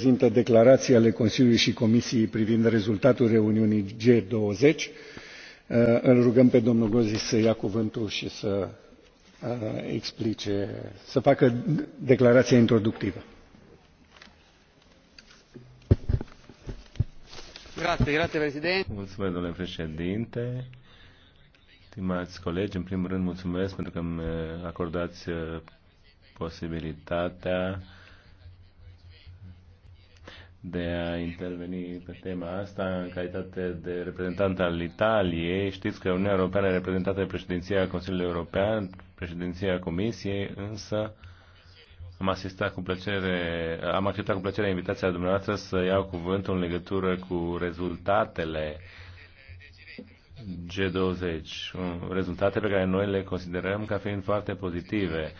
prezintă declarații ale Consiliului și Comisiei privind rezultatul reuniunii G20. Uh, îl rugăm pe domnul Gozi să ia cuvântul și să uh, explice, să facă declarația introductivă. Grazie, grazie Presidente. Mulțumesc, domnule președinte. Stimați colegi, în primul rând mulțumesc pentru că îmi acordați uh, posibilitatea de a interveni pe tema asta în calitate de reprezentant al Italiei. Știți că Uniunea Europeană e reprezentată de președinția Consiliului European, președinția Comisiei, însă am asistat cu plăcere, am acceptat cu plăcere invitația dumneavoastră să iau cuvântul în legătură cu rezultatele G20, rezultate pe care noi le considerăm ca fiind foarte pozitive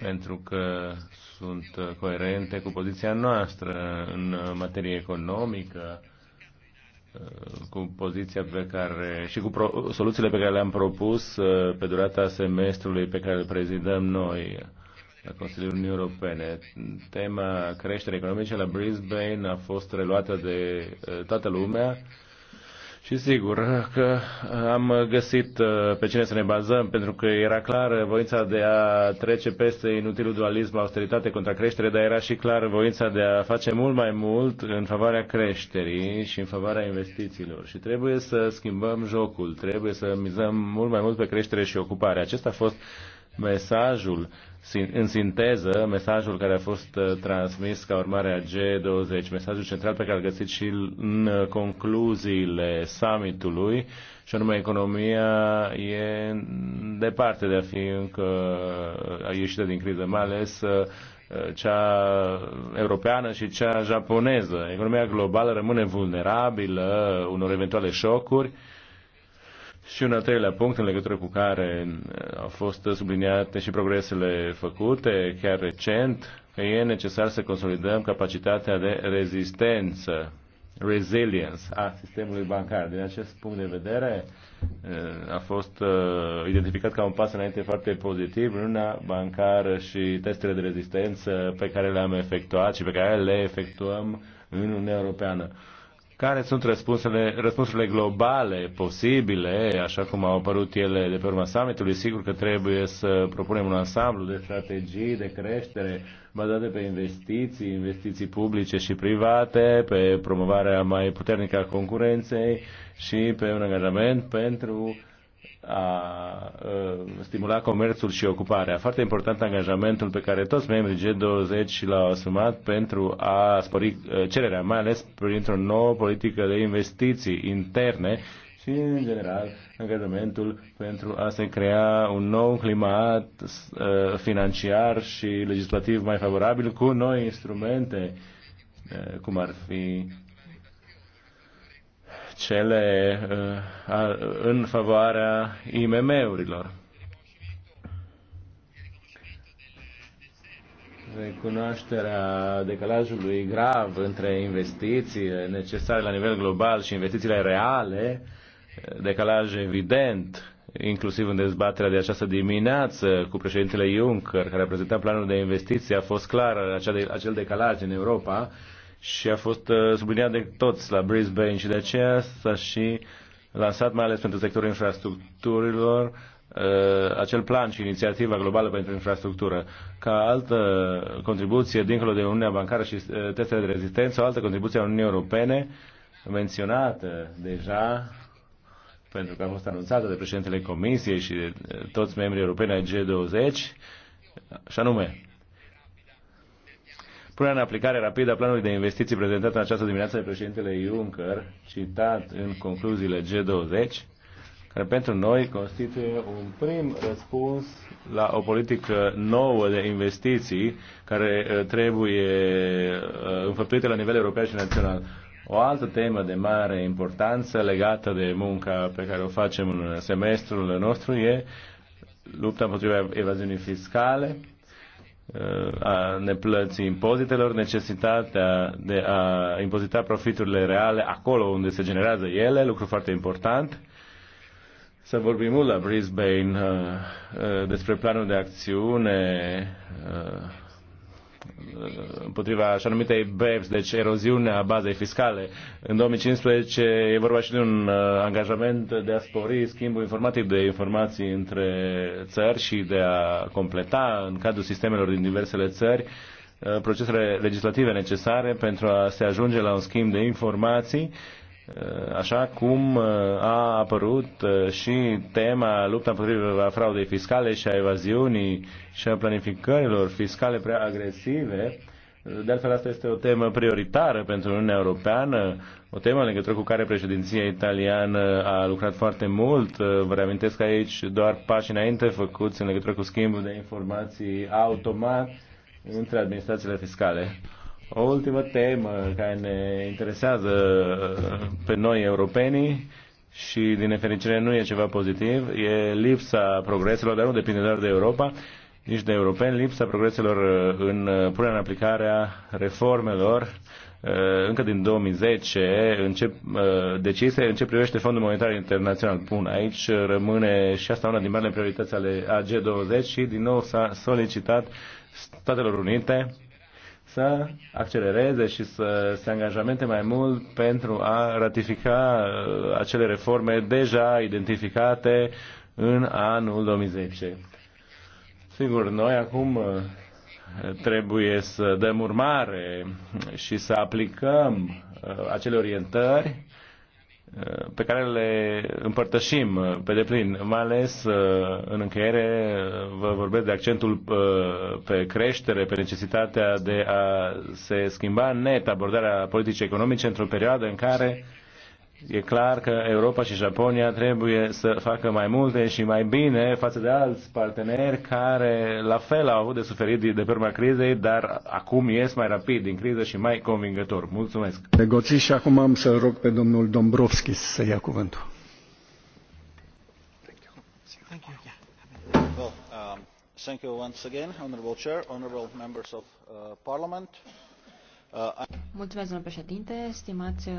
pentru că sunt uh, coerente cu poziția noastră în uh, materie economică, uh, cu poziția pe care și cu pro, soluțiile pe care le-am propus pe durata semestrului pe care îl prezidăm noi la Consiliul Uniunii Europene. Tema creșterii economice la Brisbane a fost reluată de toată lumea și sigur că uh, am găsit uh, pe cine să ne bazăm, pentru că era clar uh, voința de a trece peste inutilul dualism, austeritate contra creștere, dar era și clar voința de a face mult mai mult în favoarea creșterii și în favoarea investițiilor. Și trebuie să schimbăm jocul, trebuie să mizăm mult mai mult pe creștere și ocupare. Acesta a fost mesajul în sinteză mesajul care a fost uh, transmis ca urmare a G20, mesajul central pe care îl găsiți și în uh, concluziile summitului, și anume economia e departe de a fi încă uh, ieșită din criză, mai ales cea europeană și cea japoneză. Economia globală rămâne vulnerabilă unor eventuale șocuri și un al treilea punct în legătură cu care uh, au fost subliniate și progresele făcute chiar recent, că e necesar să consolidăm capacitatea de rezistență, resilience a sistemului bancar. Din acest punct de vedere uh, a fost uh, identificat ca un pas înainte foarte pozitiv luna bancară și testele de rezistență pe care le-am efectuat și pe care le efectuăm în Uniunea Europeană care sunt răspunsurile, răspunsurile globale posibile, așa cum au apărut ele de pe urma summitului. Sigur că trebuie să propunem un ansamblu de strategii de creștere bazate pe investiții, investiții publice și private, pe promovarea mai puternică a concurenței și pe un angajament pentru a stimula comerțul și ocuparea. Foarte important angajamentul pe care toți membrii G20 l-au asumat pentru a spori cererea, mai ales printr-o nouă politică de investiții interne și, în general, angajamentul pentru a se crea un nou climat financiar și legislativ mai favorabil cu noi instrumente, cum ar fi cele uh, în favoarea IMM-urilor. Recunoașterea decalajului grav între investiții necesare la nivel global și investițiile reale, decalaj evident, inclusiv în dezbaterea de această dimineață cu președintele Juncker, care a prezentat planul de investiții, a fost clar acel decalaj în Europa și a fost uh, subliniat de toți la Brisbane și de aceea s-a și lansat, mai ales pentru sectorul infrastructurilor, uh, acel plan și inițiativa globală pentru infrastructură. Ca altă contribuție, dincolo de Uniunea Bancară și uh, testele de rezistență, o altă contribuție a Uniunii Europene, menționată deja, pentru că a fost anunțată de președintele Comisiei și de toți membrii europeni ai G20, și anume Punerea în aplicare rapidă a planului de investiții prezentat în această dimineață de președintele Juncker, citat în concluziile G20, care pentru noi constituie un prim răspuns la o politică nouă de investiții care uh, trebuie uh, înfăptuită la nivel european și național. O altă temă de mare importanță legată de munca pe care o facem în semestrul nostru e lupta împotriva evaziunii fiscale, a neplății impozitelor, necesitatea de a impozita profiturile reale acolo unde se generează ele, lucru foarte important. Să vorbim mult la Brisbane uh, uh, despre planul de acțiune uh, împotriva așa numitei BEPS, deci eroziunea bazei fiscale. În 2015 e vorba și de un uh, angajament de a spori schimbul informativ de informații între țări și de a completa în cadrul sistemelor din diversele țări uh, procesele legislative necesare pentru a se ajunge la un schimb de informații Uh, așa cum uh, a apărut uh, și tema lupta împotriva fraudei fiscale și a evaziunii și a planificărilor fiscale prea agresive. De altfel, asta este o temă prioritară pentru Uniunea Europeană, o temă în legătură cu care președinția italiană a lucrat foarte mult. Vă reamintesc aici doar pași înainte făcuți în legătură cu schimbul de informații automat între administrațiile fiscale. O ultimă temă care ne interesează pe noi europenii și din nefericire nu e ceva pozitiv, e lipsa progreselor, dar nu depinde doar de Europa, nici de europeni, lipsa progreselor în punerea în aplicare a reformelor uh, încă din 2010 ce, uh, decise în ce privește Fondul Monetar Internațional. pun, aici rămâne și asta una din marile priorități ale AG20 și din nou s-a solicitat Statelor Unite să accelereze și să se angajamente mai mult pentru a ratifica uh, acele reforme deja identificate în anul 2010. Sigur, noi acum uh, trebuie să dăm urmare și să aplicăm uh, acele orientări pe care le împărtășim pe deplin, mai ales uh, în încheiere uh, vă vorbesc de accentul uh, pe creștere, pe necesitatea de a se schimba net abordarea politicii economice într-o perioadă în care E clar că Europa și Japonia trebuie să facă mai multe și mai bine față de alți parteneri care la fel au avut de suferit de pe urma crizei, dar acum ies mai rapid din criză și mai convingător. Mulțumesc! Negoții și acum am să rog pe domnul Dombrovski să ia cuvântul. Thank you um, once again, Honourable Chair, Honourable Members of uh, Parliament. Mulțumesc, domnule președinte, stimați uh,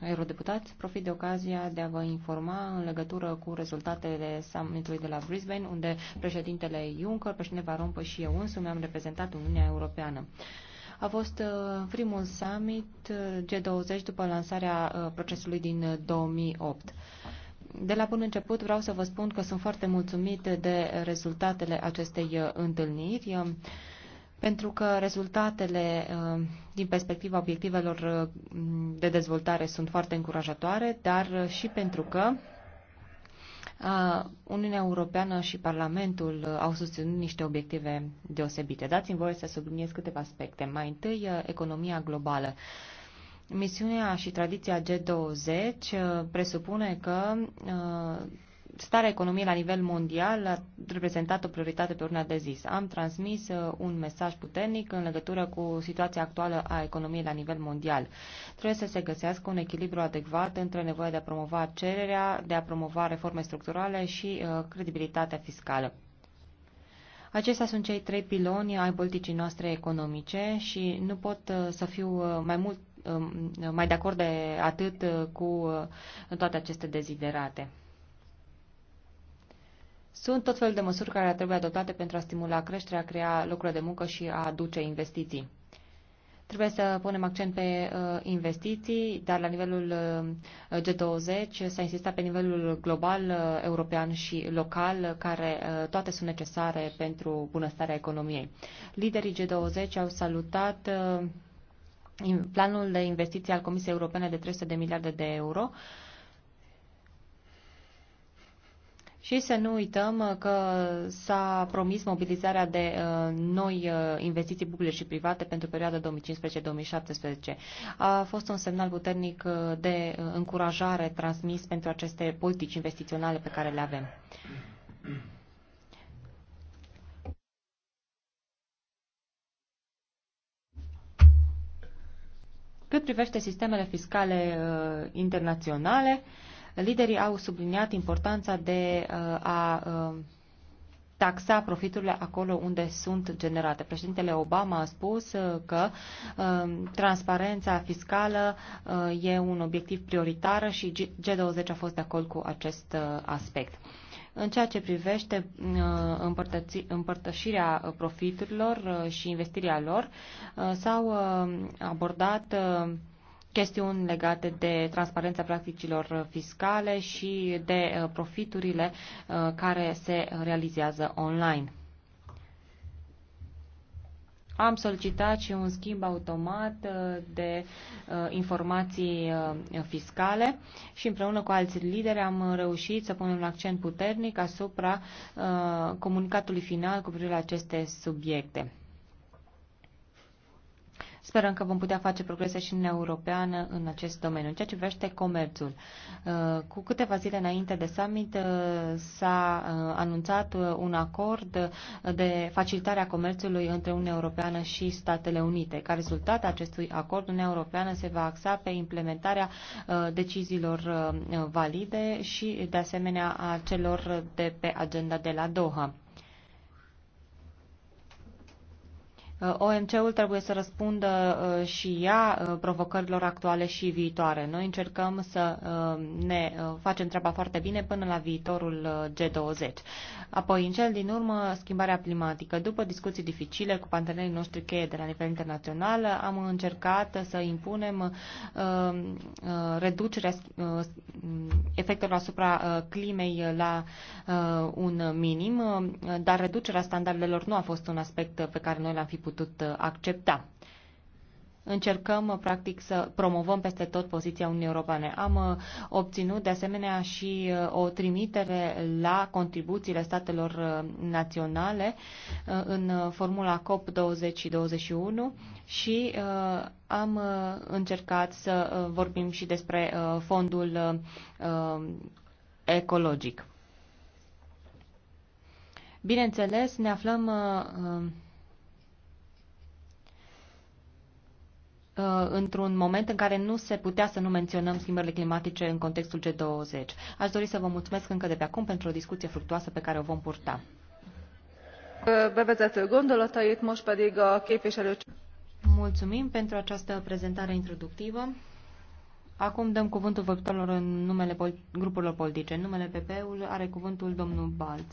eurodeputați. Profit de ocazia de a vă informa în legătură cu rezultatele summitului de la Brisbane, unde președintele Juncker, președintele Van Rompuy și eu însumi am reprezentat Uniunea Europeană. A fost uh, primul summit uh, G20 după lansarea procesului din 2008. De la bun început vreau să vă spun că sunt foarte mulțumit de rezultatele acestei întâlniri pentru că rezultatele uh, din perspectiva obiectivelor uh, de dezvoltare sunt foarte încurajatoare, dar uh, și pentru că Uniunea Europeană și Parlamentul au susținut niște obiective deosebite. Dați-mi voie să subliniez câteva aspecte. Mai întâi, economia globală. Misiunea și tradiția G20 presupune că starea economiei la nivel mondial a reprezentat o prioritate pe urmă de zis, Am transmis uh, un mesaj puternic în legătură cu situația actuală a economiei la nivel mondial. Trebuie să se găsească un echilibru adecvat între nevoia de a promova cererea, de a promova reforme structurale și uh, credibilitatea fiscală. Acestea sunt cei trei piloni ai politicii noastre economice și nu pot uh, să fiu mai mult um, mai de acord de atât cu toate aceste deziderate. Sunt tot felul de măsuri care trebuie adoptate pentru a stimula creșterea, a crea locuri de muncă și a aduce investiții. Trebuie să punem accent pe uh, investiții, dar la nivelul uh, G20 s-a insistat pe nivelul global, uh, european și local, care toate sunt necesare pentru bunăstarea economiei. Liderii G20 au salutat planul de investiții al Comisiei Europene de 300 de miliarde de euro, Și să nu uităm uh, că s-a promis mobilizarea de uh, noi uh, investiții publice și private pentru perioada 2015-2017. A fost un semnal puternic de încurajare transmis pentru aceste politici investiționale pe care le avem. Cât privește sistemele fiscale uh, internaționale, uh, Liderii au subliniat importanța de uh, a uh, taxa profiturile acolo unde sunt generate. Președintele Obama a spus uh, că transparența fiscală e un obiectiv prioritar și G20 a fost de acord cu acest aspect. În ceea ce privește împărtășirea profiturilor și investirea lor, s-au abordat chestiuni legate de transparența practicilor fiscale și de uh, profiturile uh, care se realizează online. Am solicitat și un schimb automat uh, de informații fiscale și împreună cu alți lideri am reușit să punem un accent puternic asupra comunicatului final cu privire la aceste subiecte. Sperăm că vom putea face progrese și în Europeană în acest domeniu. În ceea ce privește comerțul, uh, cu câteva zile înainte de summit uh, s-a uh, anunțat un acord de facilitare a comerțului între Uniunea Europeană și Statele Unite. Ca rezultat acestui acord, Uniunea Europeană se va axa pe implementarea deciziilor valide și, de asemenea, a celor de pe agenda de la Doha. Uh, OMC-ul trebuie să răspundă uh, și ea uh, provocărilor actuale și viitoare. Noi încercăm să ne facem treaba foarte bine până la viitorul G20. Apoi, în cel din urmă, schimbarea climatică. După discuții dificile cu partenerii noștri cheie de la nivel internațional, am încercat să impunem reducerea efectelor asupra climei la un minim, dar reducerea standardelor nu a fost un aspect pe care noi l-am fi putut putut uh, accepta. Încercăm, uh, practic, să promovăm peste tot poziția Uniunii Europene. Am uh, obținut, de asemenea, și o trimitere la contribuțiile statelor naționale în formula COP20 și 21 și am încercat să vorbim și despre fondul ecologic. Bineînțeles, ne aflăm Uh, într-un moment în care nu se putea să nu menționăm schimbările climatice în contextul G20. Aș dori să vă mulțumesc încă de pe acum pentru o discuție fructuoasă pe care o vom purta. Mulțumim pentru această prezentare introductivă. Acum dăm cuvântul vorbitorilor în numele pol grupurilor politice. În numele pp ul are cuvântul domnul Balt.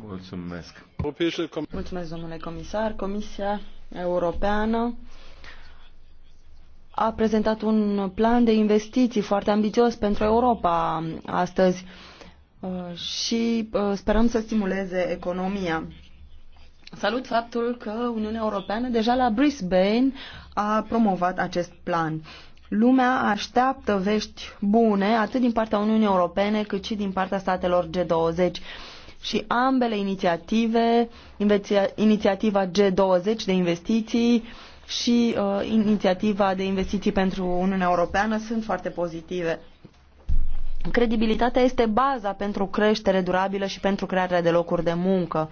Mulțumesc. Mulțumesc, domnule comisar. Comisia Europeană a prezentat un plan de investiții foarte ambițios pentru Europa astăzi uh, și uh, sperăm să stimuleze economia. Salut faptul că Uniunea Europeană deja la Brisbane a promovat acest plan. Lumea așteaptă vești bune atât din partea Uniunii Europene cât și din partea statelor G20 și ambele inițiative, inițiativa G20 de investiții și uh, inițiativa de investiții pentru Uniunea Europeană sunt foarte pozitive. Credibilitatea este baza pentru creștere durabilă și pentru crearea de locuri de muncă.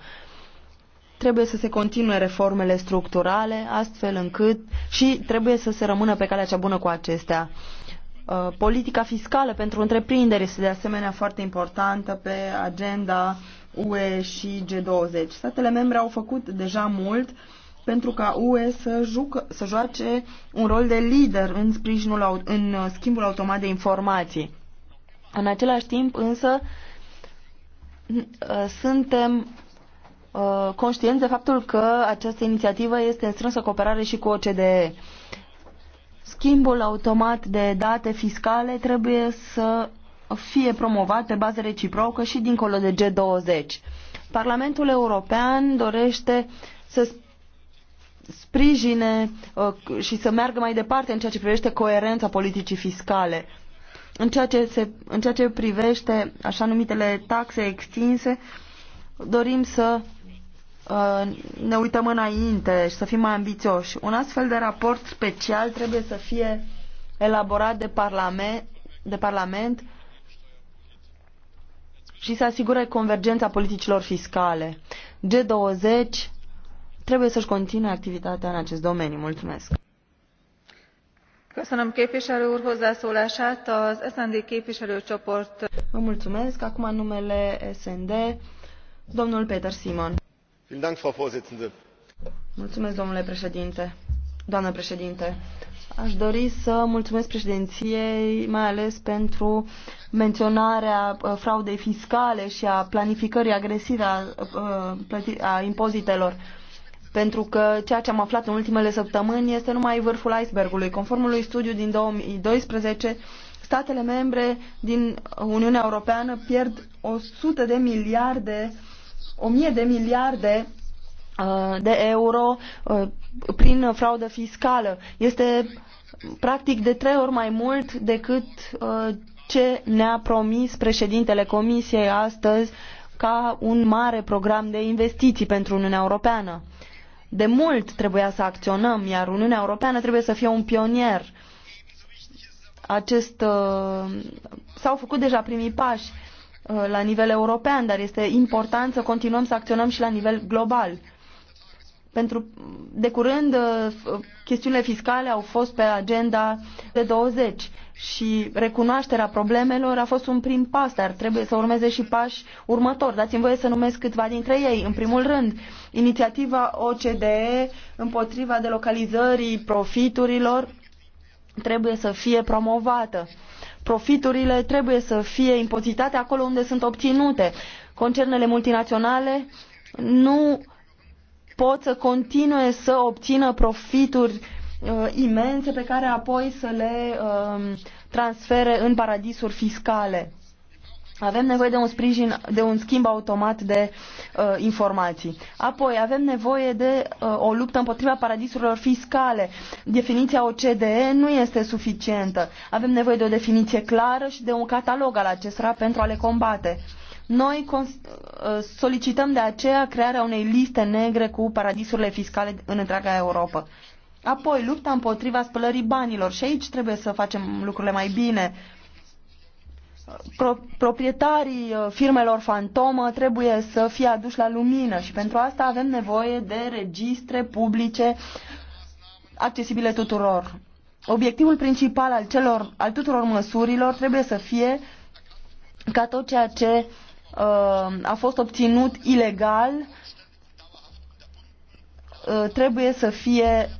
Trebuie să se continue reformele structurale, astfel încât și trebuie să se rămână pe calea cea bună cu acestea. Uh, politica fiscală pentru întreprinderi este de asemenea foarte importantă pe agenda UE și G20. Statele membre au făcut deja mult pentru ca UE să, jucă, să joace un rol de lider în, sprijinul, în schimbul automat de informații. În același timp, însă, uh, suntem uh, conștienți de faptul că această inițiativă este în strânsă cooperare și cu OCDE. Schimbul automat de date fiscale trebuie să fie promovat pe bază reciprocă și dincolo de G20. Parlamentul European dorește să sprijine uh, și să meargă mai departe în ceea ce privește coerența politicii fiscale. În ceea ce, se, în ceea ce privește așa numitele taxe extinse, dorim să Uh, ne uităm înainte și să fim mai ambițioși. Un astfel de raport special trebuie să fie elaborat de Parlament, de parlament și să asigure convergența politicilor fiscale. G20 trebuie să-și continue activitatea în acest domeniu. Mulțumesc! Köszönöm képviselő úr hozzászólását. Az SND képviselőcsoport... Vă mulțumesc. Acum numele SND, domnul Peter Simon Mulțumesc, domnule președinte. Doamnă președinte, aș dori să mulțumesc președinției, mai ales pentru menționarea uh, fraudei fiscale și a planificării agresive uh, a, impozitelor. Pentru că ceea ce am aflat în ultimele săptămâni este numai vârful icebergului. Conform unui studiu din 2012, statele membre din Uniunea Europeană pierd o sută de miliarde uh, 1000 de miliarde uh, de euro uh, prin fraudă fiscală. Este practic de trei ori mai mult decât uh, ce ne-a promis președintele Comisiei astăzi ca un mare program de investiții pentru Uniunea Europeană. De mult trebuia să acționăm, iar Uniunea Europeană trebuie să fie un pionier. Acest, s-au făcut deja primii pași Uh, la nivel european, dar este important să continuăm să acționăm și la nivel global. Pentru de curând uh, chestiunile fiscale au fost pe agenda de 20 și recunoașterea problemelor a fost un prim pas, dar trebuie să urmeze și pași următori. Dați-mi voie să numesc câțiva dintre ei. În primul rând, inițiativa OCDE împotriva delocalizării profiturilor trebuie să fie promovată Profiturile trebuie să fie impozitate acolo unde sunt obținute. Concernele multinaționale nu pot să continue să obțină profituri uh, imense pe care apoi să le uh, transfere în paradisuri fiscale. Avem nevoie de un sprijin, de un schimb automat de uh, informații. Apoi, avem nevoie de uh, o luptă împotriva paradisurilor fiscale. Definiția OCDE nu este suficientă. Avem nevoie de o definiție clară și de un catalog al acestora pentru a le combate. Noi uh, solicităm de aceea crearea unei liste negre cu paradisurile fiscale în întreaga Europa. Apoi, lupta împotriva spălării banilor. Și aici trebuie să facem lucrurile mai bine. Uh, proprietarii uh, firmelor fantomă trebuie să fie aduși la lumină și pentru asta avem nevoie de registre publice accesibile tuturor. Obiectivul principal al, celor, al tuturor măsurilor trebuie să fie ca tot ceea ce uh, a fost obținut ilegal uh, trebuie să fie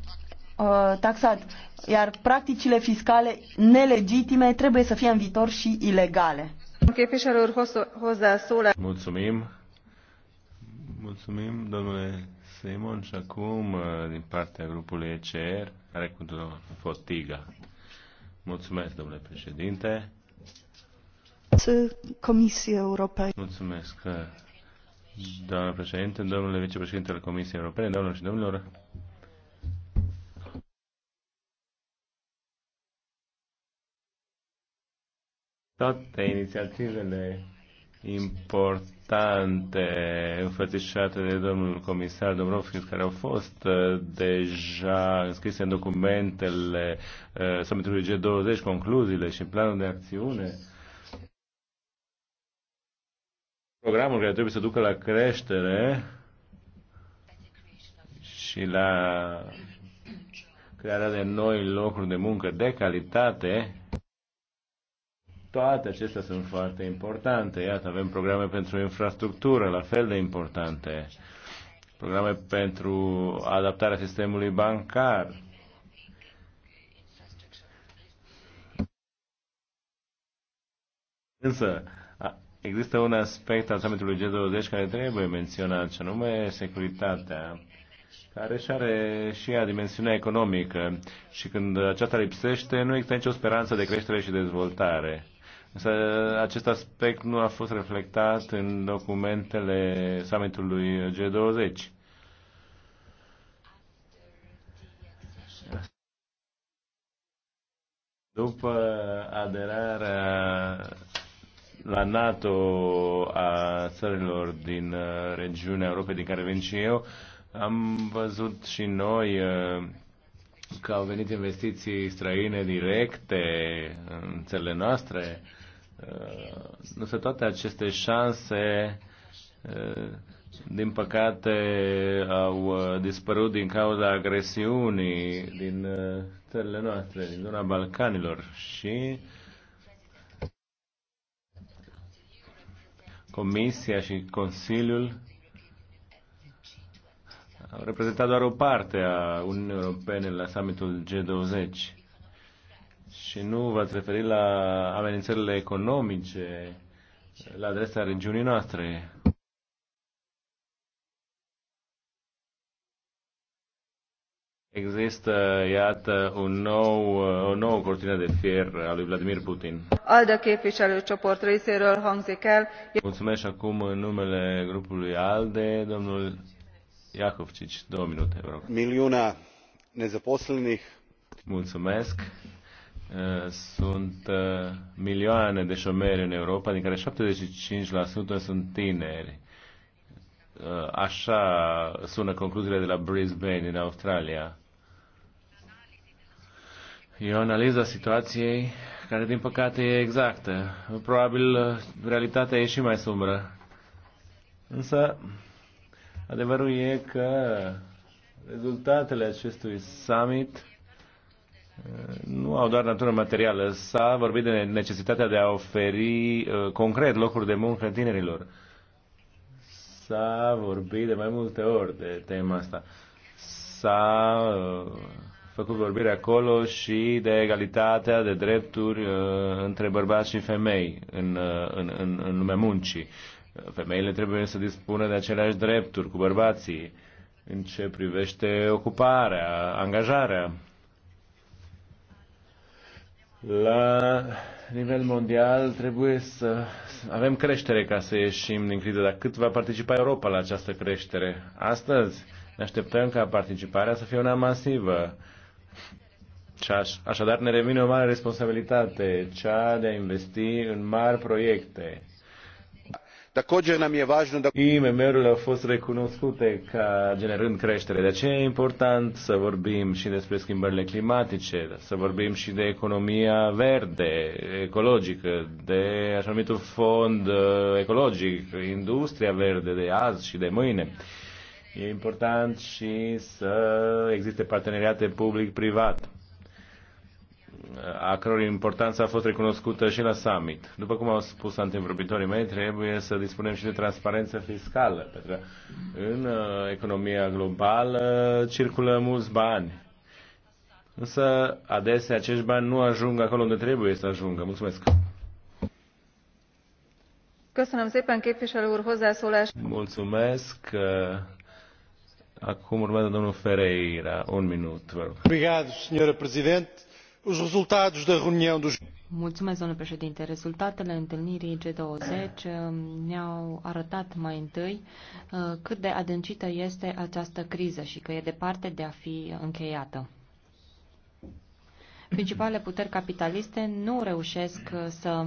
uh, taxat iar practicile fiscale nelegitime trebuie să fie în viitor și ilegale. Mulțumim. Mulțumim, domnule Simon. Și acum, uh, din partea grupului ECR, are cu Fotiga. Mulțumesc, domnule președinte. Comisia Europeană. Mulțumesc, uh, doamnă președinte, domnule vicepreședinte al Comisiei Europene, doamnelor și domnilor. toate inițiativele importante înfățișate de domnul comisar Dombrovskis, care au fost uh, deja înscrise în documentele uh, summitului G20, concluziile și planul de acțiune. Programul care trebuie să ducă la creștere și la crearea de noi locuri de muncă de calitate toate acestea sunt foarte importante. Iată, avem programe pentru infrastructură, la fel de importante. Programe pentru adaptarea sistemului bancar. Însă, există un aspect al summitului G20 care trebuie menționat, și anume securitatea care și are și ea dimensiunea economică și când aceasta lipsește, nu există nicio speranță de creștere și dezvoltare. Însă acest aspect nu a fost reflectat în documentele summitului G20. După aderarea la NATO a țărilor din uh, regiunea Europei din care vin și eu, am văzut și noi uh, că au venit investiții străine directe în țările noastre Uh, nu se toate aceste șanse, uh, din păcate, au uh, dispărut din cauza agresiunii din țările noastre, din zona Balcanilor și Comisia și Consiliul au reprezentat doar o parte a Uniunii Europene la summitul G20 și nu v-ați referit la amenințările economice la adresa regiunii noastre. Există, iată, un nou, o nouă cortină de fier a lui Vladimir Putin. el. Mulțumesc acum în numele grupului ALDE, domnul Iacovcici, două minute, vă rog. Miliuna nezaposlenih. Mulțumesc Eh, sunt eh, milioane de șomeri în Europa, din care 75% sunt tineri. Eh, așa sună concluziile de la Brisbane, în Australia. E o analiză a situației care, din păcate, e exactă. Probabil realitatea e și mai sumbră. Însă, adevărul e că rezultatele acestui summit nu au doar natură materială. S-a vorbit de necesitatea de a oferi uh, concret locuri de muncă tinerilor. S-a vorbit de mai multe ori de tema asta. S-a uh, făcut vorbire acolo și de egalitatea de drepturi uh, între bărbați și femei în, în, în, în lumea muncii. Femeile trebuie să dispună de aceleași drepturi cu bărbații în ce privește ocuparea, angajarea. La nivel mondial trebuie să avem creștere ca să ieșim din criză, dar cât va participa Europa la această creștere? Astăzi ne așteptăm ca participarea să fie una masivă. Și aș, așadar ne revine o mare responsabilitate, cea de a investi în mari proiecte Također nam je važno da... ime urile au fost recunoscute ca generând creștere. De aceea e important să vorbim și despre schimbările climatice, să vorbim și de economia verde, ecologică, de așa numitul fond uh, ecologic, industria verde de azi și de mâine. E important și să existe parteneriate public-privat a căror importanță a fost recunoscută și la summit. După cum au spus antevorbitorii mei, trebuie să dispunem și de transparență fiscală, pentru că în uh, economia globală circulă mulți bani. Însă, adesea, acești bani nu ajung acolo unde trebuie să ajungă. Mulțumesc! Mulțumesc! Uh, acum urmează domnul Ferreira. Un minut, vă rog. Obrigado, senhora Presidente os resultados da reunião dos. Mulțumesc, domnule președinte. Rezultatele întâlnirii G20 uh, ne-au arătat mai întâi uh, cât de adâncită este această criză și că e departe de a fi încheiată. Principalele puteri capitaliste nu reușesc uh, să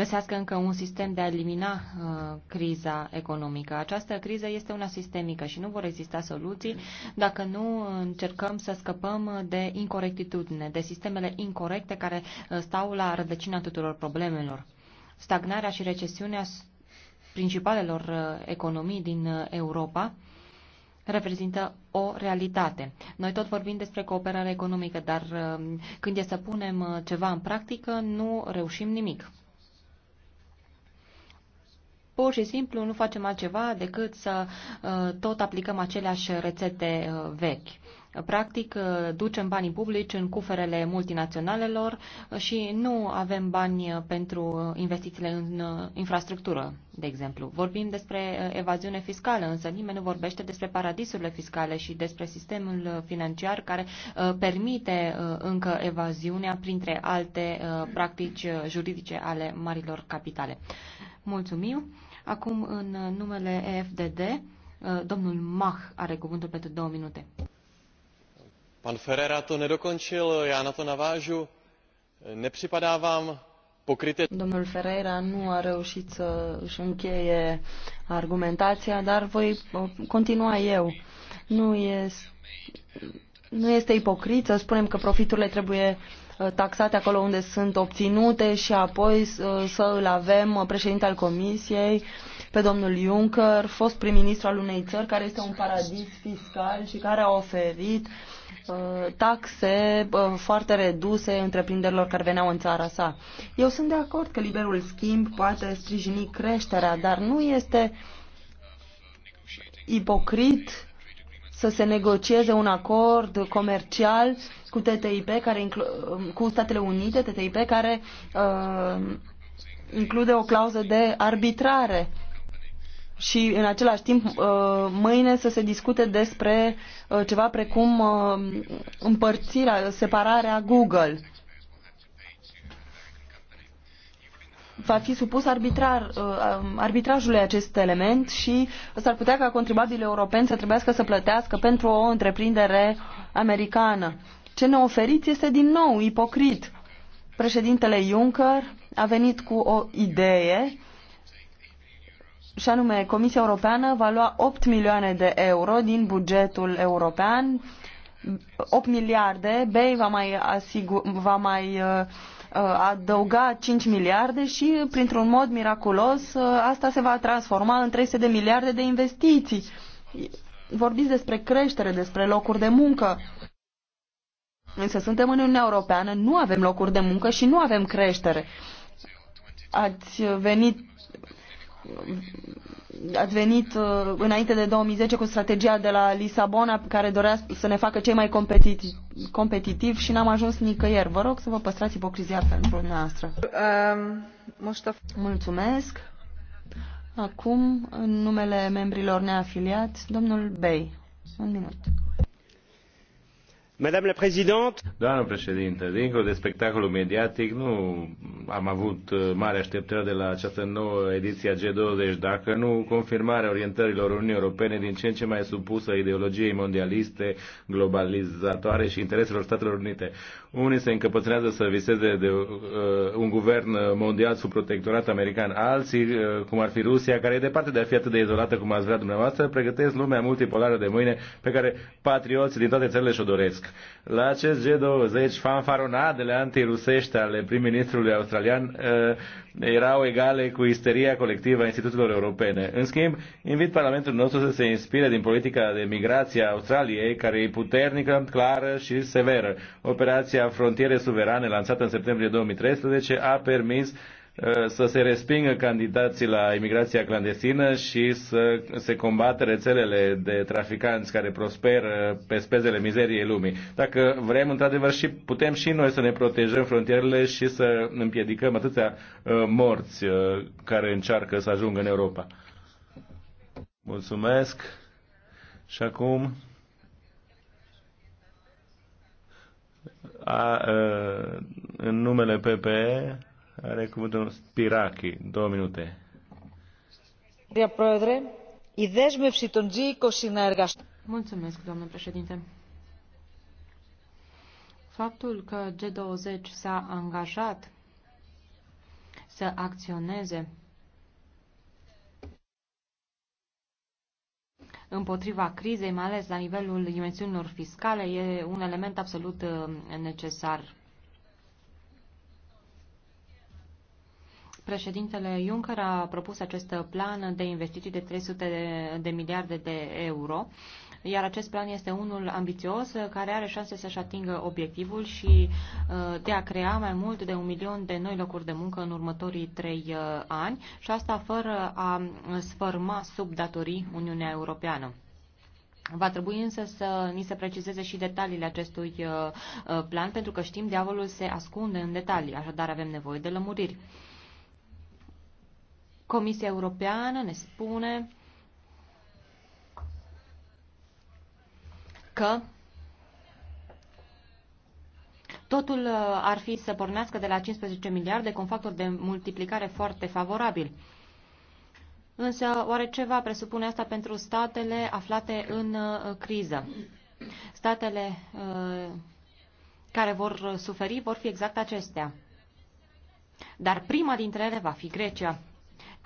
găsească încă un sistem de a elimina uh, criza economică. Această criză este una sistemică și nu vor exista soluții dacă nu încercăm să scăpăm de incorectitudine, de sistemele incorrecte care uh, stau la rădăcina tuturor problemelor. Stagnarea și recesiunea principalelor uh, economii din uh, Europa reprezintă o realitate. Noi tot vorbim despre cooperare economică, dar când e să punem ceva în practică, nu reușim nimic pur și simplu nu facem altceva decât să uh, tot aplicăm aceleași rețete uh, vechi. Practic, uh, ducem banii publici în cuferele multinaționalelor și nu avem bani pentru investițiile în infrastructură, de exemplu. Vorbim despre evaziune fiscală, însă nimeni nu vorbește despre paradisurile fiscale și despre sistemul financiar care permite încă evaziunea printre alte practici juridice ale marilor capitale. Mulțumim! Acum, în numele EFDD, uh, domnul Mach are cuvântul pentru două minute. Pan Ferreira to nedokončil, já na to navážu. Nepřipadá vám pokryte... Domnul Ferreira nu a reușit să își încheie argumentația, dar voi uh, continua eu. Nu este, nu este ipocrit să spunem că profiturile trebuie uh, Uh, taxate acolo unde sunt obținute și apoi uh, să îl avem uh, președinte al Comisiei, pe domnul Juncker, fost prim-ministru al unei țări care este un paradis fiscal și care a oferit taxe foarte reduse întreprinderilor care veneau în țara sa. Eu sunt de acord că liberul schimb poate sprijini creșterea, dar nu este ipocrit să se negocieze un acord comercial cu TTIP, care cu Statele Unite, TTIP, care uh, include o clauză de arbitrare și în același timp uh, mâine să se discute despre uh, ceva precum uh, împărțirea, separarea Google. va fi supus arbitrar, uh, um, arbitrajului acest element și s-ar putea ca contribuabilii europeni să trebuiască să plătească pentru o întreprindere americană. Ce ne oferiți este din nou ipocrit. Președintele Juncker a venit cu o idee și anume Comisia Europeană va lua 8 milioane de euro din bugetul european, 8 miliarde, BEI va mai, asigur, va mai uh, Uh, adăuga 5 miliarde și, printr-un mod miraculos, uh, asta se va transforma în 300 de miliarde de investiții. Vorbiți despre creștere, despre locuri de muncă. Însă suntem în Uniunea Europeană, nu avem locuri de muncă și nu avem creștere. Ați venit ați venit uh, înainte de 2010 cu strategia de la Lisabona care dorea să ne facă cei mai competitivi competitiv și n-am ajuns nicăieri. Vă rog să vă păstrați ipocrizia pentru noastră. Um, Mulțumesc. Acum, în numele membrilor neafiliați, domnul Bey. Un minut. Madame la Présidente. Doamnă președintă, dincolo de spectacolul mediatic, nu am avut uh, mare așteptări de la această nouă ediție a G20, dacă nu confirmarea orientărilor Uniunii Europene din ce în ce mai supusă ideologiei mondialiste, globalizatoare și intereselor Statelor Unite. Unii se încăpățânează să viseze de uh, un guvern uh, mondial sub protectorat american. Alții, uh, cum ar fi Rusia, care e departe de a fi atât de izolată cum ați vrea dumneavoastră, pregătesc lumea multipolară de mâine pe care patrioții din toate țările și-o doresc. La acest G20, fanfaronadele antirusești ale prim-ministrului australian uh, erau egale cu isteria colectivă a instituțiilor europene. În schimb, invit Parlamentul nostru să se inspire din politica de migrație a Australiei, care e puternică, clară și severă. Operația Operația Frontiere Suverane, lansată în septembrie 2013, a permis uh, să se respingă candidații la imigrația clandestină și să se combată rețelele de traficanți care prosperă pe spezele mizeriei lumii. Dacă vrem, într-adevăr, și putem și noi să ne protejăm frontierele și să împiedicăm atâția uh, morți uh, care încearcă să ajungă în Europa. Mulțumesc. Și acum A, în numele PPE are cuvântul Spiraki, două minute. Mulțumesc, doamnă președinte. Faptul că G20 s-a angajat să acționeze împotriva crizei, mai ales la nivelul dimensiunilor fiscale, e un element absolut uh, necesar. Președintele Juncker a propus acest plan de investiții de 300 de, de miliarde de euro iar acest plan este unul ambițios uh, care are șanse să-și atingă obiectivul și uh, de a crea mai mult de un milion de noi locuri de muncă în următorii trei uh, ani și asta fără a sfârma sub datorii Uniunea Europeană. Va trebui însă să ni se precizeze și detaliile acestui plan, pentru că știm, diavolul se ascunde în detalii, așadar avem nevoie de lămuriri. Comisia Europeană ne spune că totul uh, ar fi să pornească de la 15 miliarde cu un factor de multiplicare foarte favorabil. Însă, oare ce va presupune asta pentru statele aflate în uh, criză? Statele uh, care vor suferi vor fi exact acestea. Dar prima dintre ele va fi Grecia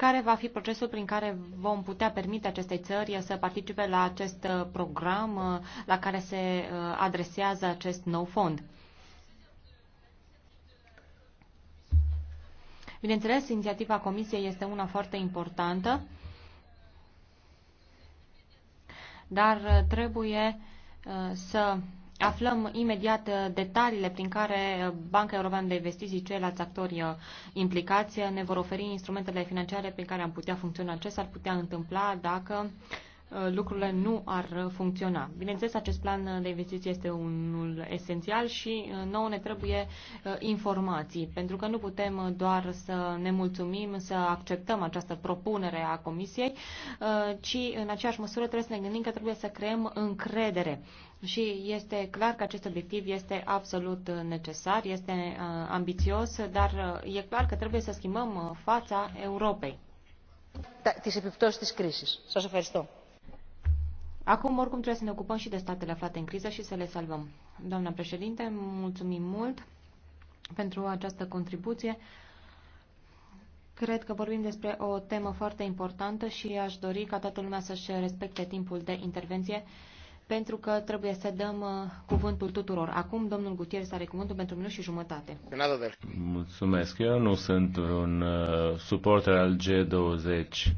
care va fi procesul prin care vom putea permite acestei țări să participe la acest uh, program uh, la care se uh, adresează acest nou fond. Bineînțeles, inițiativa Comisiei este una foarte importantă, dar trebuie să aflăm imediat uh, detaliile prin care uh, Banca Europeană de Investiții, ceilalți actori uh, implicați, ne vor oferi instrumentele financiare prin care am putea funcționa. Ce s-ar putea întâmpla dacă lucrurile nu ar funcționa. Bineînțeles, acest plan de investiții este unul esențial și nouă ne trebuie informații, pentru că nu putem doar să ne mulțumim, să acceptăm această propunere a Comisiei, ci în aceeași măsură trebuie să ne gândim că trebuie să creăm încredere. Și este clar că acest obiectiv este absolut uh, necesar, este uh, ambițios, dar uh, e clar că trebuie să schimbăm uh, fața Europei. Da, epiptos tis crisis. să Σας ευχαριστώ. Acum, oricum, trebuie să ne ocupăm și de statele aflate în criză și să le salvăm. Doamna președinte, mulțumim mult pentru această contribuție. Cred că vorbim despre o temă foarte importantă și aș dori ca toată lumea să-și respecte timpul de intervenție pentru că trebuie să dăm uh, cuvântul tuturor. Acum domnul Gutierrez are cuvântul pentru minut și jumătate. Mulțumesc. Eu nu sunt un uh, suporter al G20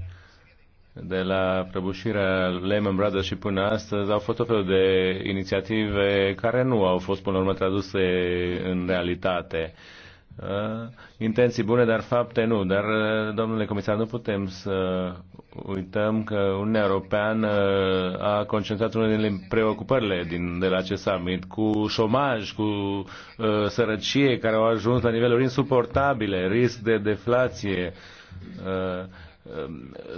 de la prăbușirea Lehman Brothers și până astăzi au fost o fel de inițiative care nu au fost până la urmă traduse în realitate. Uh, intenții bune, dar fapte nu. Dar, uh, domnule comisar, nu putem să uităm că Uniunea Europeană uh, a concentrat unele din preocupările din, de la acest summit cu șomaj, cu uh, sărăcie care au ajuns la niveluri insuportabile, risc de deflație. Uh,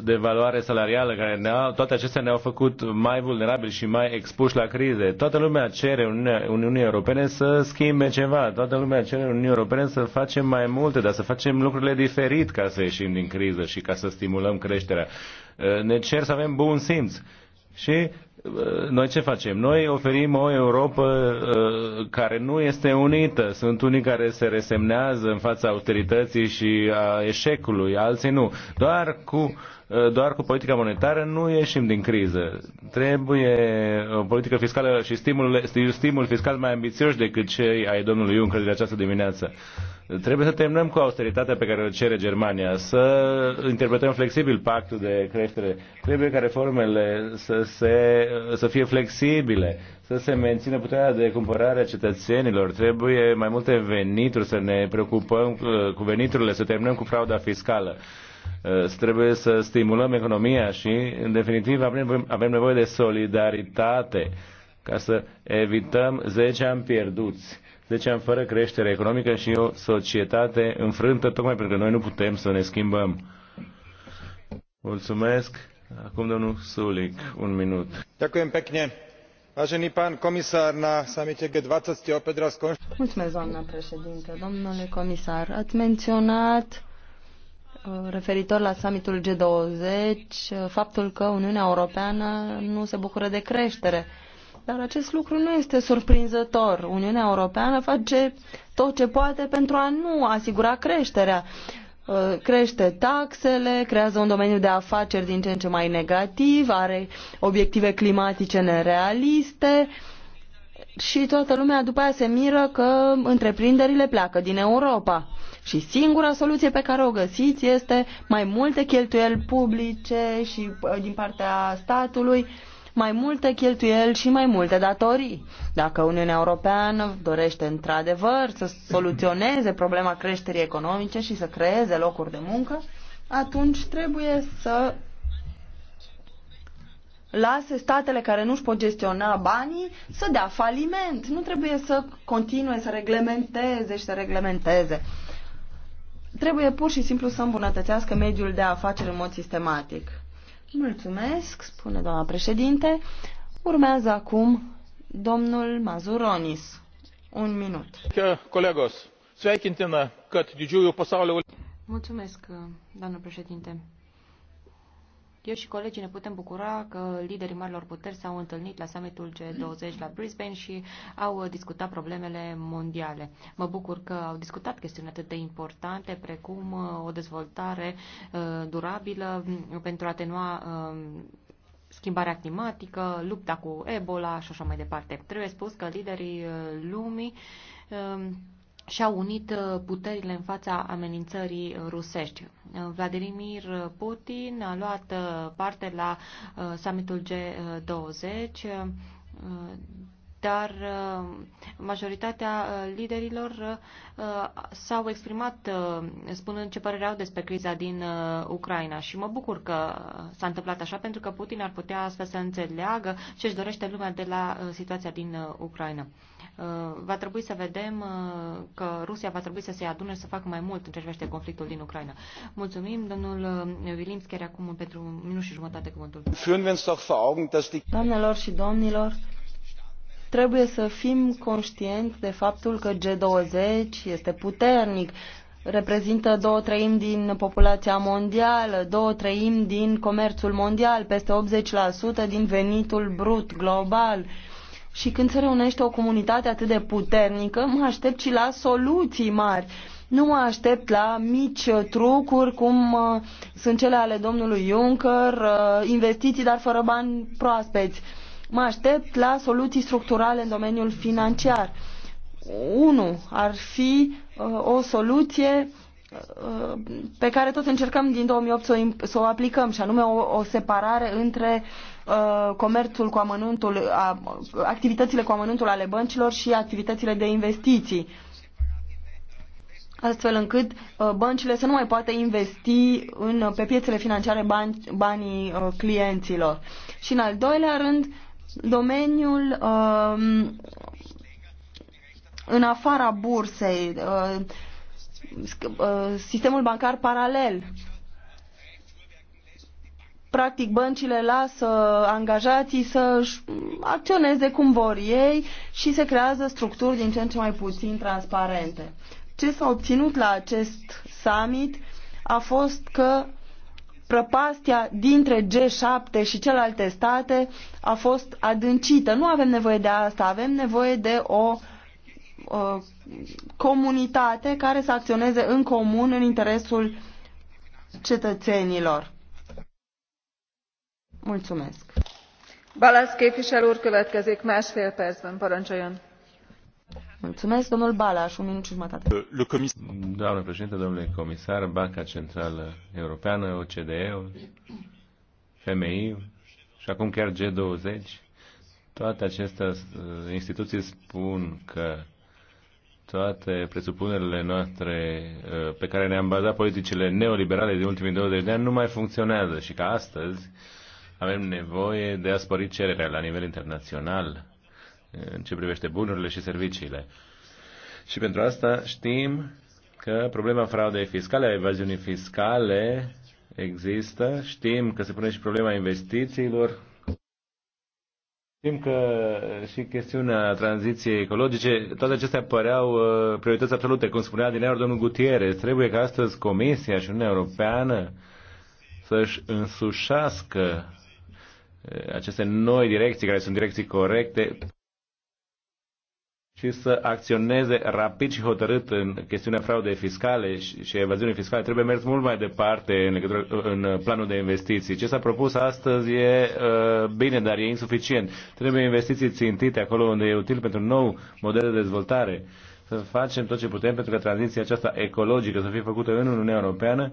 de valoare salarială, care ne-a, toate acestea ne-au făcut mai vulnerabili și mai expuși la crize. Toată lumea cere Uniunii Europene să schimbe ceva, toată lumea cere Uniunii Europene să facem mai multe, dar să facem lucrurile diferit ca să ieșim din criză și ca să stimulăm creșterea. Ne cer să avem bun simț. Și noi ce facem? Noi oferim o Europa uh, care nu este unită. Sunt unii care se resemnează în fața austerității și a eșecului, alții nu. Doar cu Eh, doar cu politica monetară nu ieșim din criză. Trebuie eh, o politică fiscală și stimul, stimul fiscal mai ambițios decât cei ai domnului Juncker de această dimineață. Trebuie să terminăm cu austeritatea pe care o cere Germania, să interpretăm flexibil pactul de creștere. Trebuie ca reformele să, se, să fie flexibile, să se mențină puterea de cumpărare a cetățenilor. Trebuie mai multe venituri, să ne preocupăm eh, cu veniturile, să terminăm cu frauda fiscală Eh, trebuie să stimulăm economia și, în definitiv, avem, avem nevoie de solidaritate ca să evităm 10 ani pierduți, 10 ani fără creștere economică și o societate înfrântă, tocmai pentru că noi nu putem să ne schimbăm. Mulțumesc. Acum domnul Sulic, un minut. Ďakujem pekne. Vážený pán komisár, na samite G20 ste opäť raz Mulțumesc, doamna președinte. Domnule comisar, ați menționat Uh, referitor la summitul G20 uh, faptul că Uniunea Europeană nu se bucură de creștere. Dar acest lucru nu este surprinzător. Uniunea Europeană face tot ce poate pentru a nu asigura creșterea. Uh, crește taxele, creează un domeniu de afaceri din ce în ce mai negativ, are obiective climatice nerealiste, și toată lumea după aia se miră că întreprinderile pleacă din Europa. Și singura soluție pe care o găsiți este mai multe cheltuieli publice și uh, din partea statului, mai multe cheltuieli și mai multe datorii. Dacă Uniunea Europeană dorește într-adevăr să soluționeze problema creșterii economice și să creeze locuri de muncă, atunci trebuie să lase statele care nu-și pot gestiona banii să dea faliment. Nu trebuie să continue să reglementeze și să reglementeze. Trebuie pur și simplu să îmbunătățească mediul de afaceri în mod sistematic. Mulțumesc, spune doamna președinte. Urmează acum domnul Mazuronis. Un minut. Colegos, sveikintina kad didžiųjų pasaulio... Mulțumesc, doamnă președinte. Eu și colegii ne putem bucura că liderii marilor puteri s-au întâlnit la summitul G20 la Brisbane și au uh, discutat problemele mondiale. Mă bucur că au discutat chestiuni atât de importante precum uh, o dezvoltare uh, durabilă mm, pentru a atenua um, schimbarea climatică, lupta cu Ebola și așa mai departe. Trebuie spus că liderii lumii um, și-au unit uh, puterile în fața amenințării uh, rusești. Uh, Vladimir Putin a luat parte la summitul G20, dar majoritatea liderilor s-au exprimat spunând ce părere au despre criza din Ucraina și mă bucur că s-a întâmplat așa pentru că Putin ar putea astfel să înțeleagă ce își dorește lumea de la situația din Ucraina. Uh, va trebui să vedem uh, că Rusia va trebui să se adune și să facă mai mult în ce privește conflictul din Ucraina. Mulțumim, domnul uh, Vilimski, chiar acum pentru minut și jumătate cuvântul. Doamnelor și domnilor, trebuie să fim conștienți de faptul că G20 este puternic, reprezintă două treimi din populația mondială, două treimi din comerțul mondial, peste 80% din venitul brut global. Și când se reunește o comunitate atât de puternică, mă aștept și la soluții mari. Nu mă aștept la mici uh, trucuri cum uh, sunt cele ale domnului Juncker, uh, investiții dar fără bani proaspeți. Mă aștept la soluții structurale în domeniul financiar. Unu Ar fi o soluție pe care tot încercăm din 2008 să o, să o aplicăm, și anume o, o separare între uh, comerțul cu amănuntul, a, activitățile cu amănuntul ale băncilor și activitățile de investiții astfel încât uh, băncile să nu mai poată investi în, pe piețele financiare bani, banii uh, clienților. Și în al doilea rând, domeniul uh, în afara bursei, uh, Uh, sistemul bancar paralel. Practic, băncile lasă angajații să acționeze cum vor ei și se creează structuri din ce în ce mai puțin transparente. Ce s-a obținut la acest summit a fost că prăpastia dintre G7 și celelalte state a fost adâncită. Nu avem nevoie de asta, avem nevoie de o uh, Uh, comunitate care să acționeze în comun în interesul cetățenilor. Mulțumesc. Balas képviselő úr következik másfél percben, parancsoljon. Mulțumesc, domnul Balas, un minut și jumătate. Doamnă președinte, domnule comisar, Banca Centrală Europeană, OCDE, FMI și acum chiar G20, toate aceste uh, instituții spun că toate presupunerile noastre uh, pe care ne-am bazat politicile neoliberale din ultimii 20 de ani nu mai funcționează și că astăzi avem nevoie de a spori cererea la nivel internațional uh, în ce privește bunurile și serviciile. Și pentru asta știm că problema fraudei fiscale, a evaziunii fiscale există, știm că se pune și problema investițiilor Știm că și chestiunea tranziției ecologice, toate acestea păreau uh, priorități absolute. Cum spunea din aer domnul Gutierrez, trebuie ca astăzi Comisia și Uniunea Europeană să-și însușească uh, aceste noi direcții, care sunt direcții corecte, și să acționeze rapid și hotărât în chestiunea fraudei fiscale și evaziunii fiscale. Trebuie mers mult mai departe în, legătură, în planul de investiții. Ce s-a propus astăzi e uh, bine, dar e insuficient. Trebuie investiții țintite acolo unde e util pentru un nou model de dezvoltare. Să facem tot ce putem pentru că tranziția aceasta ecologică să fie făcută în Uniunea Europeană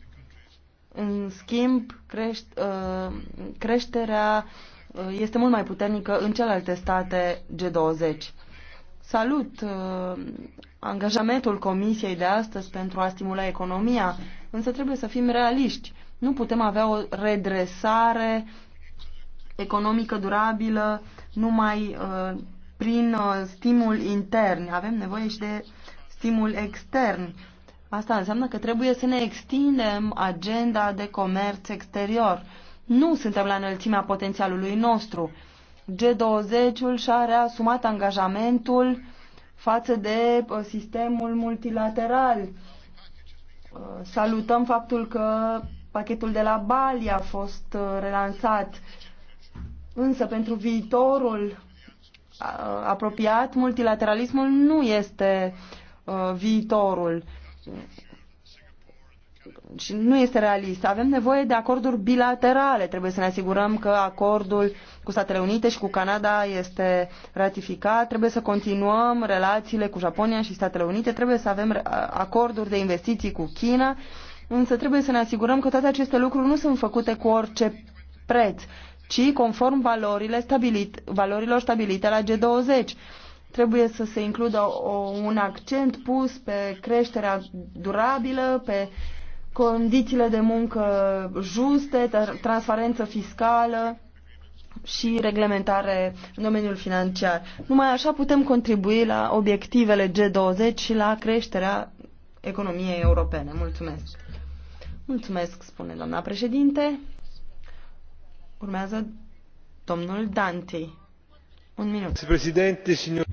în schimb, crește, uh, creșterea uh, este mult mai puternică în celelalte state G20. Salut uh, angajamentul Comisiei de astăzi pentru a stimula economia, însă trebuie să fim realiști. Nu putem avea o redresare economică durabilă numai uh, prin uh, stimul intern. Avem nevoie și de stimul extern. Asta înseamnă că trebuie să ne extindem agenda de comerț exterior. Nu suntem la înălțimea potențialului nostru, G20-ul și-a reasumat angajamentul față de uh, sistemul multilateral. Uh, salutăm faptul că pachetul de la Bali a fost uh, relansat. Însă pentru viitorul apropiat, multilateralismul nu este viitorul și nu este realist. Avem nevoie de acorduri bilaterale. Trebuie să ne asigurăm că acordul cu Statele Unite și cu Canada este ratificat. Trebuie să continuăm relațiile cu Japonia și Statele Unite. Trebuie să avem acorduri de investiții cu China. Însă trebuie să ne asigurăm că toate aceste lucruri nu sunt făcute cu orice preț, ci conform valorile stabilit, valorilor stabilite la G20. Trebuie să se includă o, un accent pus pe creșterea durabilă, pe condițiile de muncă juste, transparență fiscală și reglementare în domeniul financiar. Numai așa putem contribui la obiectivele G20 și la creșterea economiei europene. Mulțumesc! Mulțumesc, spune doamna președinte. Urmează domnul Dante. Domnule președinte.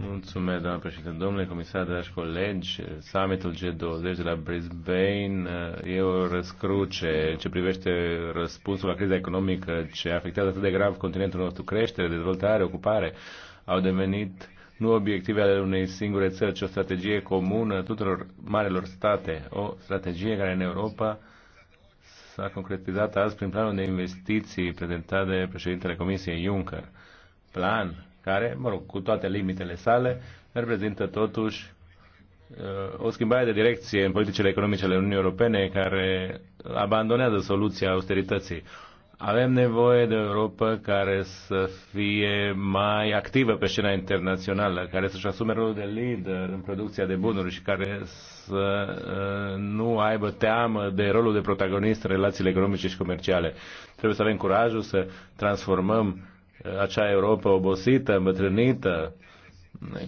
Domnule comisar, dragi colegi, summitul g douăzeci de la Brisbane eh, e o răscruce ce privește răspunsul la criza economică ce afectează atât de grav continentul nostru. Creștere, dezvoltare, ocupare au devenit nu obiective ale unei singure țări, ci o strategie comună tuturor marelor state. O strategie care în Europa s-a concretizat azi prin planul de investiții prezentat de președintele Comisiei Juncker. Plan care, mă rog, cu toate limitele sale, reprezintă totuși uh, o schimbare de direcție în politicile economice ale Uniunii Europene care abandonează soluția austerității. Avem nevoie de Europa care să fie mai activă pe scena internațională, care să-și asume rolul de lider în producția de bunuri și care să uh, nu aibă teamă de rolul de protagonist în relațiile economice și comerciale. Trebuie să avem curajul să transformăm acea Europa obosită, îmbătrânită,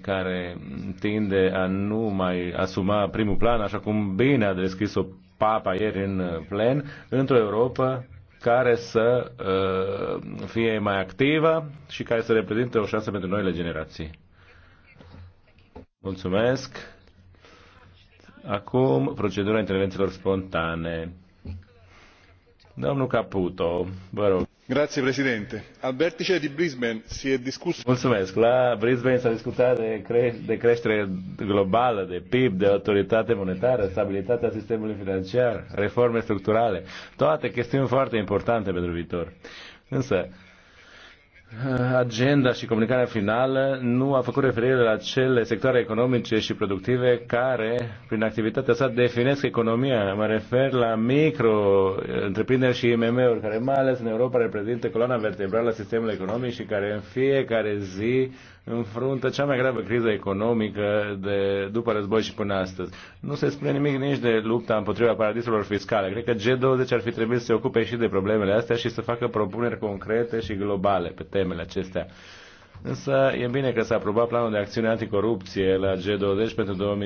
care tinde a nu mai asuma primul plan, așa cum bine a descris-o Papa ieri în plen, într-o Europa care să uh, fie mai activă și care să reprezinte o șansă pentru noile generații. Mulțumesc. Acum, procedura intervențiilor spontane. Domnul Caputo, vă rog. Presidente. Al vertice di Brisbane si è discusso... Mulțumesc. La Brisbane s-a discutat de, de creștere globală, de PIB, de autoritate monetară, stabilitatea sistemului financiar, reforme structurale. Toate chestiuni foarte importante pentru viitor. Însă, agenda și comunicarea finală nu a făcut referire la cele sectoare economice și productive care, prin activitatea sa, definesc economia. Mă refer la micro eh, întreprinderi și IMM-uri, care mai ales în Europa reprezintă coloana vertebrală a sistemului economic și care în fiecare zi înfruntă cea mai gravă criză economică de după război și până astăzi. Nu se spune nimic nici de lupta împotriva paradisurilor fiscale. Cred că G20 ar fi trebuit să se ocupe și de problemele astea și să facă propuneri concrete și globale pe temele acestea. Însă e bine că s-a aprobat planul de acțiune anticorupție la G20 pentru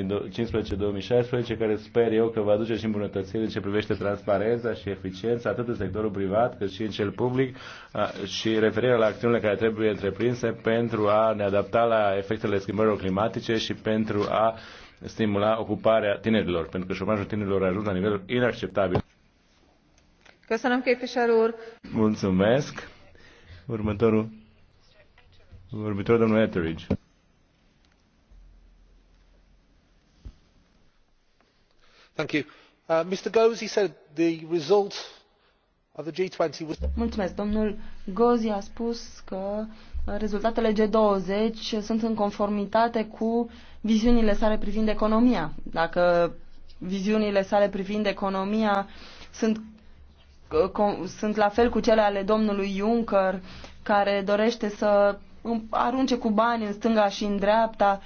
2015-2016, care sper eu că va duce și îmbunătățiri în ce privește transparența și eficiența atât în sectorul privat cât și în cel public și referire la acțiunile care trebuie întreprinse pentru a ne adapta la efectele schimbărilor climatice și pentru a stimula ocuparea tinerilor, pentru că șomajul tinerilor a ajuns la niveluri inacceptabile. Mulțumesc. Următorul Vorbitor domnul Etheridge. Thank you. Uh, Mr. Gozi said the result of the G20 was... Mulțumesc. Domnul Gozi a spus că rezultatele G20 sunt în conformitate cu viziunile sale privind economia. Dacă viziunile sale privind economia sunt, uh, sunt la fel cu cele ale domnului Juncker, care dorește să arunce cu bani în stânga și în dreapta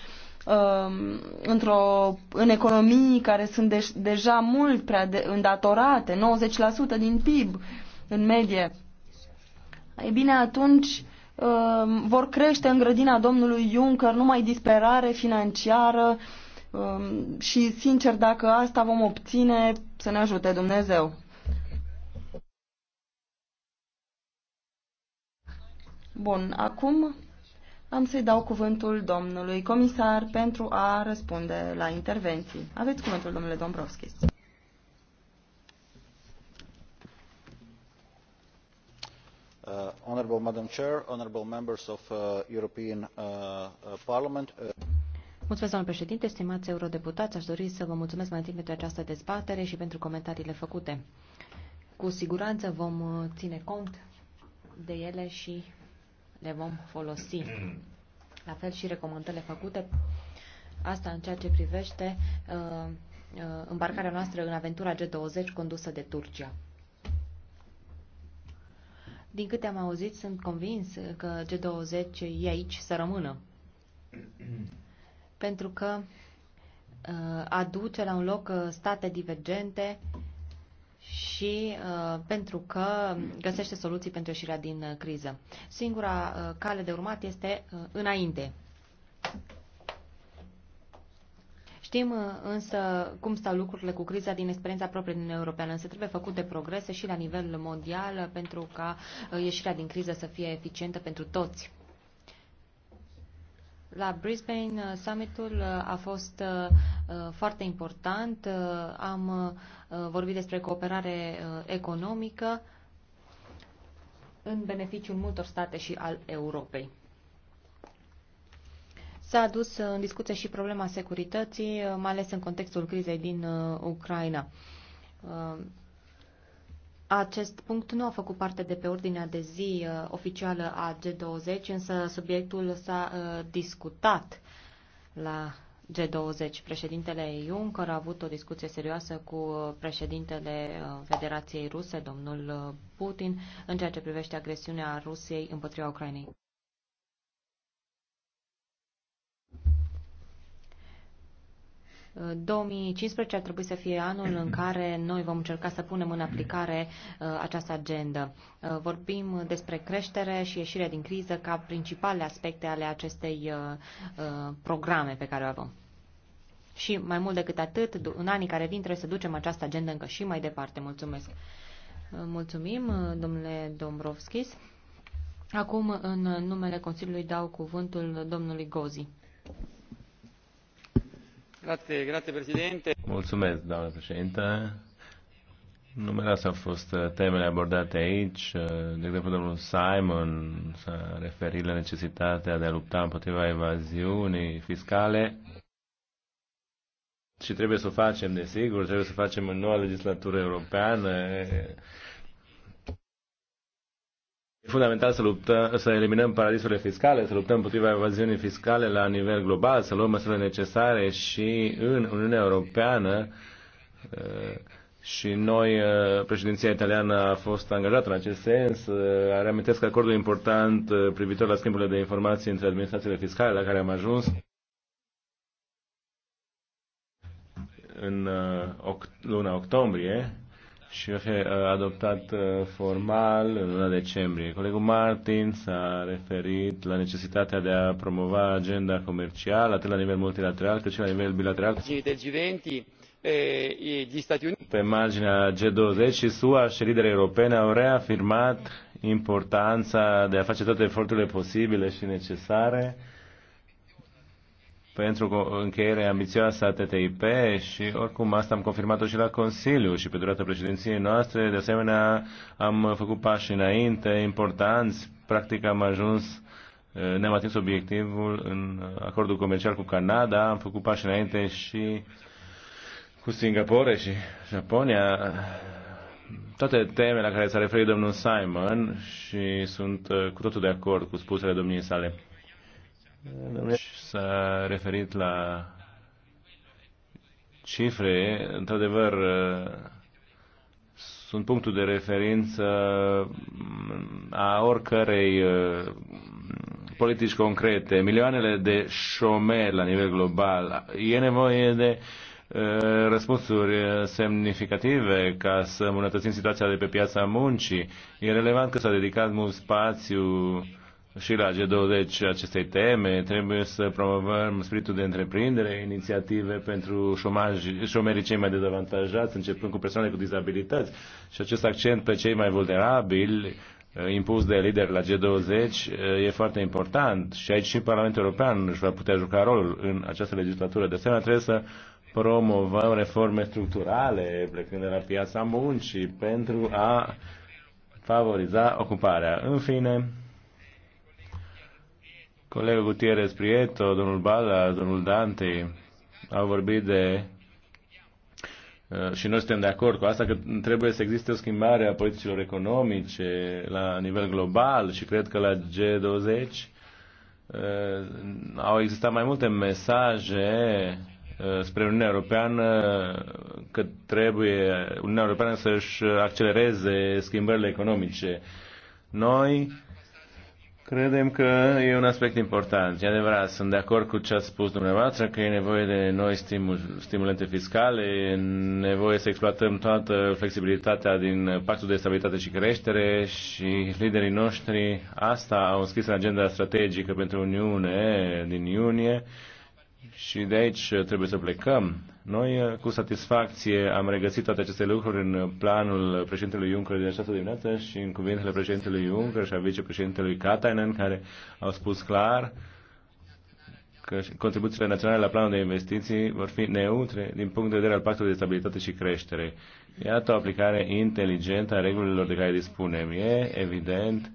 um, într-o, în economii care sunt de, deja mult prea de, îndatorate, 90% din PIB în medie. Ei bine, atunci um, vor crește în grădina domnului Juncker numai disperare financiară um, și, sincer, dacă asta vom obține, să ne ajute Dumnezeu. Bun, acum am să-i dau cuvântul domnului comisar pentru a răspunde la intervenții. Aveți cuvântul, domnule Dombrovskis. Uh, honorable Madam Chair, honorable members of uh, European uh, uh Parliament. Uh... Mulțumesc, domnule președinte, stimați eurodeputați, aș dori să vă mulțumesc mai întâi pentru această dezbatere și pentru comentariile făcute. Cu siguranță vom uh, ține cont de ele și le vom folosi. La fel și recomandările făcute, asta în ceea ce privește uh, uh îmbarcarea noastră în aventura G20 condusă de Turcia. Din câte am auzit, sunt convins că G20 e aici să rămână. Pentru că uh, aduce la un loc uh, state divergente și uh, pentru că găsește soluții pentru ieșirea din uh, criză. Singura uh, cale de urmat este uh, înainte. Știm uh, însă cum stau lucrurile cu criza din experiența proprie din Europeană, însă trebuie făcute progrese și la nivel mondial pentru ca uh, ieșirea din criză să fie eficientă pentru toți. La Brisbane uh, summitul uh, a fost uh, foarte important. Am vorbit despre cooperare economică în beneficiul multor state și al Europei. S-a adus în discuție și problema securității, mai ales în contextul crizei din Ucraina. Acest punct nu a făcut parte de pe ordinea de zi uh, oficială a G20, însă subiectul s-a uh, discutat la G20. Președintele Juncker a avut o discuție serioasă cu președintele uh, Federației Ruse, domnul uh, Putin, în ceea ce privește agresiunea Rusiei împotriva Ucrainei. 2015 ar trebui să fie anul în care noi vom încerca să punem în aplicare uh, această agendă. Uh, vorbim despre creștere și ieșire din criză ca principale aspecte ale acestei uh, programe pe care o avem. Și mai mult decât atât, în anii care vin trebuie să ducem această agendă încă și mai departe. Mulțumesc! Mulțumim, domnule Dombrovskis. Acum, în numele Consiliului, dau cuvântul domnului Gozi. Grazie, grazie Presidente. Mulțumesc, doamnă președintă. Numeroase au fost uh, temele abordate aici. Uh, de exemplu, domnul Simon s-a referit la necesitatea de a lupta împotriva evaziunii fiscale și trebuie să o facem, desigur, trebuie să o facem în noua legislatură europeană fundamental să luptăm, să eliminăm paradisurile fiscale, să luptăm împotriva evaziunii fiscale la nivel global, să luăm măsurile necesare și în Uniunea Europeană eh, și noi, eh, președinția italiană a fost angajată în acest sens. Eh, reamintesc acordul important privitor la schimburile de informații între administrațiile fiscale la care am ajuns. în luna octombrie și a fi adoptat uh, formal în luna decembrie. Colegul Martin s-a referit la necesitatea de a promova agenda comercială, atât la nivel multilateral cât și la nivel bilateral. Eh, Pe marginea G20 și SUA și liderii europene au reafirmat importanța de a face toate eforturile posibile și necesare pentru încheierea ambițioasă a TTIP și oricum asta am confirmat-o și la Consiliu și pe durata președinției noastre. De asemenea, am făcut pași înainte importanți. Practic am ajuns eh, ne-am atins obiectivul în acordul comercial cu Canada, am făcut pași înainte și cu Singapore și Japonia toate temele la care s-a referit domnul Simon și sunt eh, cu totul de acord cu spusele domniei sale. S-a referit la cifre, într-adevăr, uh, sunt punctul de referință mm, a oricărei uh, politici concrete. Milioanele de șomeri la nivel global. E nevoie de uh, răspunsuri semnificative ca să îmbunătățim situația de pe piața muncii. E relevant că s-a dedicat mult spațiu și la G20 acestei teme, trebuie să promovăm spiritul de întreprindere, inițiative pentru șomaj, șomerii cei mai dezavantajați, începând cu persoane cu dizabilități și acest accent pe cei mai vulnerabili, eh, impus de lider la G20 eh, e foarte important și aici și Parlamentul European își va putea juca rolul în această legislatură. De asemenea, trebuie să promovăm reforme structurale, plecând de la piața muncii, pentru a favoriza ocuparea. În fine, Colegul Gutierrez Prieto, domnul Bala, domnul Dante au vorbit de uh, și noi suntem de acord cu asta că trebuie să existe o schimbare a politicilor economice la nivel global și cred că la G20 uh, au existat mai multe mesaje uh, spre Uniunea Europeană că trebuie Uniunea Europeană să-și accelereze schimbările economice. Noi Credem că e un aspect important. E adevărat, sunt de acord cu ce ați spus dumneavoastră, că e nevoie de noi stimul, stimulente fiscale, e nevoie să exploatăm toată flexibilitatea din Pactul de Stabilitate și Creștere și liderii noștri asta au înscris în agenda strategică pentru Uniune din iunie și de aici trebuie să plecăm. Noi, eh, cu satisfacție, am regăsit toate aceste lucruri în planul președintelui Juncker de această dimineață și în cuvintele președintelui Juncker și a vicepreședintelui Katainen, care au spus clar că contribuțiile naționale la planul de investiții vor fi neutre din punct de vedere al pactului de stabilitate și creștere. Iată o aplicare inteligentă a regulilor de care dispunem. E evident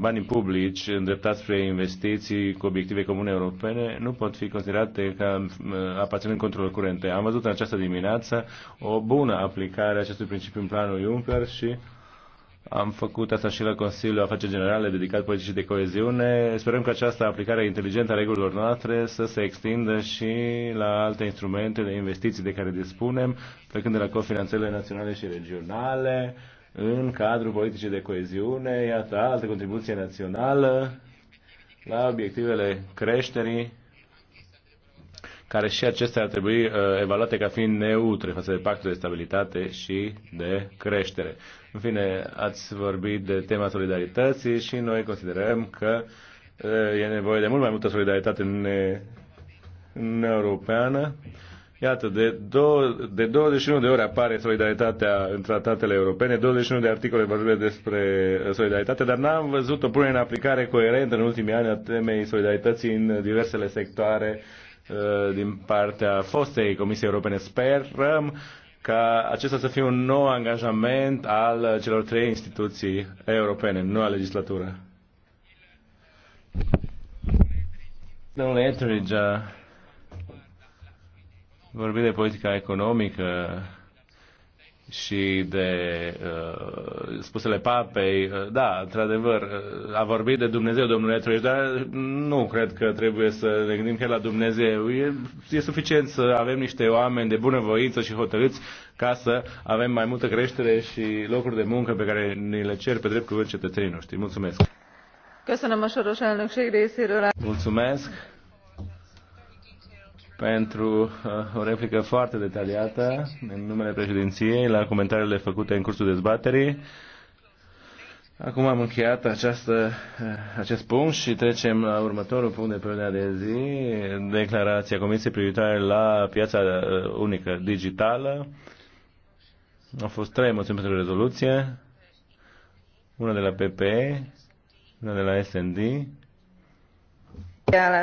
banii publici îndreptați spre investiții cu obiective comune europene nu pot fi considerate ca uh, aparținând controlul curente. Am văzut în această dimineață o bună aplicare a acestui principiu în planul Juncker și am făcut asta și la Consiliul Afaceri Generale dedicat politicii de coeziune. Sperăm că această aplicare inteligentă a regulilor noastre să se extindă și la alte instrumente de investiții de care dispunem, plecând de la cofinanțele naționale și regionale, în cadrul politicii de coeziune, iată, altă contribuție națională la obiectivele creșterii, care și acestea ar trebui uh, evaluate ca fiind neutre față de pactul de stabilitate și de creștere. În fine, ați vorbit de tema solidarității și noi considerăm că uh, e nevoie de mult mai multă solidaritate în în Europeană. Iată, de, două de 21 de ore apare solidaritatea în tratatele europene, 21 de articole vorbesc despre solidaritate, dar n-am văzut o punere în aplicare coerentă în ultimii ani a temei solidarității în diversele sectoare uh, din partea fostei Comisiei Europene. Sperăm ca acesta să fie un nou angajament al celor trei instituții europene, noua legislatură. Domnule Etheridge, uh, vorbi de politica economică și de uh, spusele papei, uh, da, într-adevăr, uh, a vorbit de Dumnezeu, domnule Troiești, dar nu cred că trebuie să ne gândim chiar la Dumnezeu. E, e suficient să avem niște oameni de bună voință și hotărâți ca să avem mai multă creștere și locuri de muncă pe care ni le cer pe drept cuvânt cetățenii noștri. Mulțumesc! Mulțumesc! pentru uh, o replică foarte detaliată în numele președinției la comentariile făcute în cursul dezbaterii. Acum am încheiat această, uh, acest punct și trecem la următorul punct de pe ordinea de zi, declarația Comisiei privitoare la piața uh, unică digitală. Au fost trei moțiuni pentru rezoluție, una de la PPE, una de la SND.